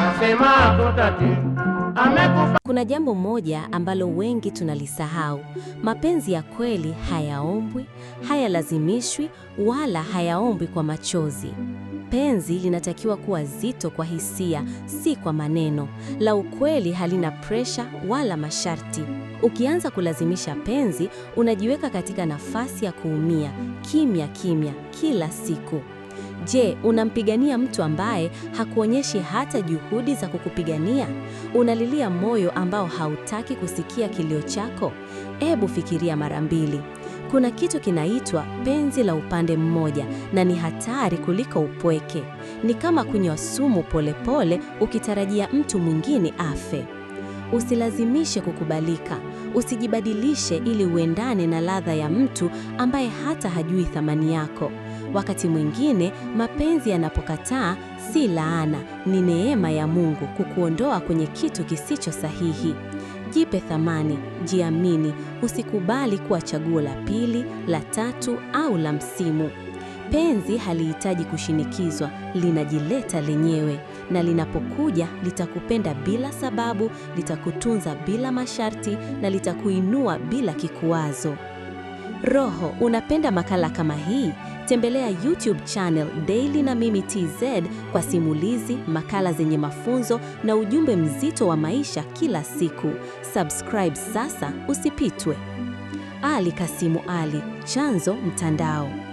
nasema Amekufa. Kuna jambo moja ambalo wengi tunalisahau. Mapenzi ya kweli hayaombwi, hayalazimishwi wala hayaombwi kwa machozi. Penzi linatakiwa kuwa zito kwa hisia, si kwa maneno. La ukweli halina presha wala masharti. Ukianza kulazimisha penzi, unajiweka katika nafasi ya kuumia kimya kimya kila siku. Je, unampigania mtu ambaye hakuonyeshi hata juhudi za kukupigania? Unalilia moyo ambao hautaki kusikia kilio chako? Ebu fikiria mara mbili. Kuna kitu kinaitwa penzi la upande mmoja, na ni hatari kuliko upweke. Ni kama kunywa sumu polepole, ukitarajia mtu mwingine afe. Usilazimishe kukubalika. Usijibadilishe ili uendane na ladha ya mtu ambaye hata hajui thamani yako. Wakati mwingine mapenzi yanapokataa, si laana, ni neema ya Mungu kukuondoa kwenye kitu kisicho sahihi. Jipe thamani, jiamini, usikubali kuwa chaguo la pili, la tatu au la msimu. Penzi halihitaji kushinikizwa, linajileta lenyewe, na linapokuja litakupenda bila sababu, litakutunza bila masharti, na litakuinua bila kikuazo Roho, unapenda makala kama hii? Tembelea YouTube channel Daily na Mimi TZ kwa simulizi, makala zenye mafunzo na ujumbe mzito wa maisha kila siku. Subscribe sasa, usipitwe. Ali Kasimu Ali, chanzo mtandao.